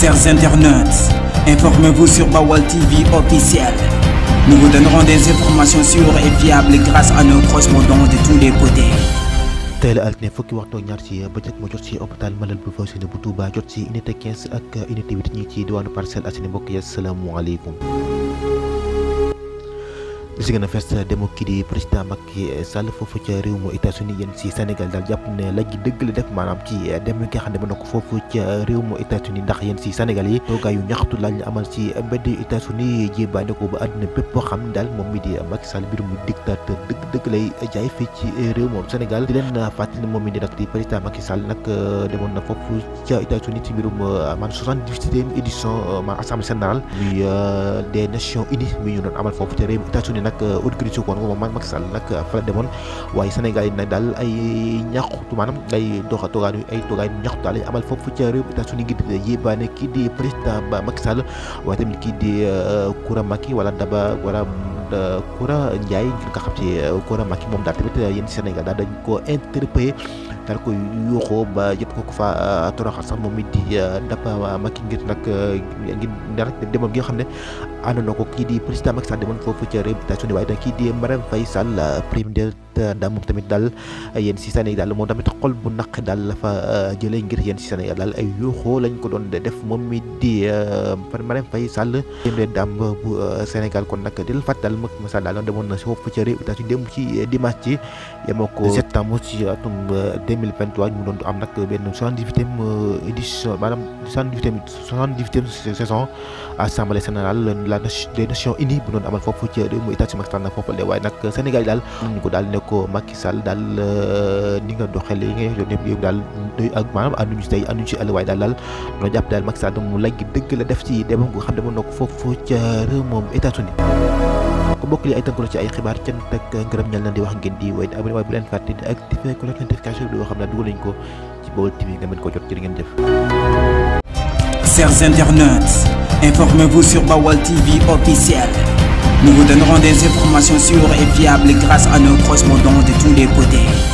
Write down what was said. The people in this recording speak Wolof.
Chers internautes, informez-vous sur Bawal TV officiel. Nous vous donnerons des informations sûres et fiables grâce à nos correspondants de tous les côtés. Tel la altine fukki waxtu ak ñaar ci bëccëg ma jot ci hôpital bu Fawzeyni bu Touba jot ci unité 15 ak unité 8 ñi ci diwaanu parcel ce mbokk assalamu alaykum si gën a fes demu kii di président Macky Sall foofu ca réew mu États-Unis yéen si Sénégal daal jàpp ne la ji dëgg la def maanaam ci dem ki nga xam ne mën na ko foofu ca réew mu États-Unis ndax yéen si Sénégal yi toogaa yu ñaxtu laaj ñu amal si mbedd États-Unis jébaane ko ba àddina bépp boo xam ne daal mi di Macky Sall mbir mu dictateur dëgg dëgg lay jaay fii ci réew moom Sénégal di leen fàttali moom mi di nag di président Macky Sall nag euh, demoon na foofu ca États-Unis ci euh, édition euh, assemblée générale muy des Nations Unies mi ñu amal foofu ca réew États-Unis nag haute euh, culture kon moom Macky Sall nag euh, fa la demoon waaye Sénégal yi nag daal ay ñaxtu maanaam ay doxa toogaanu ay toogaanu ñaxtu daal amal foofu ca réew mi daal suñu ngir yéebaane kii di président Macky Sall waaye tamit kii di Koura euh, Macky wala Daba wala Koura Ndiaye ngir nga xam ci Koura Macky moom daal tamit yéen Sénégal daal dañ ko interpellé daal koy yuuxoo ba jot ko ko fa euh, toroxal sax moom it di euh, dab Macky ngir nag euh, ngir ne rek demoon gi nga xam ne ànd na ko kii di président Macky Sall demoon foofu ca réputation ni waaye nag kii di Marème Faye Sall prime de Euh, daa moom tamit daal yéen si Sénégal moom tamit xol bu naq daal la fa euh, ngir yéen si Sénégal daal ay yuuxoo lañ ko doon def moom mi di euh, Marième Faye Sall yéen daam bu Sénégal kon nag di la fàttali daal Macky Sall daal na si foofu ca réew États-Unis démb ci dimanche ci yemoo ko septembre ci atum mu doon la des Nations Unies na foofu mm. ko daal ko Macky Sall dal eh, ni nga doxale nga yow dal ak manam andu ci tay andu ci alway dal dal no japp dal Macky Sall mu lagg deug la def ci dem ko xam dama nako fofu ci rew mom états ko bokk li ay tankul ci ay xibaar ci tak ngërëm ñal na di wax ngeen di way abonné way bu fatte di activer ko notification xam na ko ci TV nga mën ko jot ci ngeen def Chers internautes, informez-vous sur Bawal TV officiel. Nous vous donnerons des informations sûres et fiables grâce à nos correspondants de tous les côtés.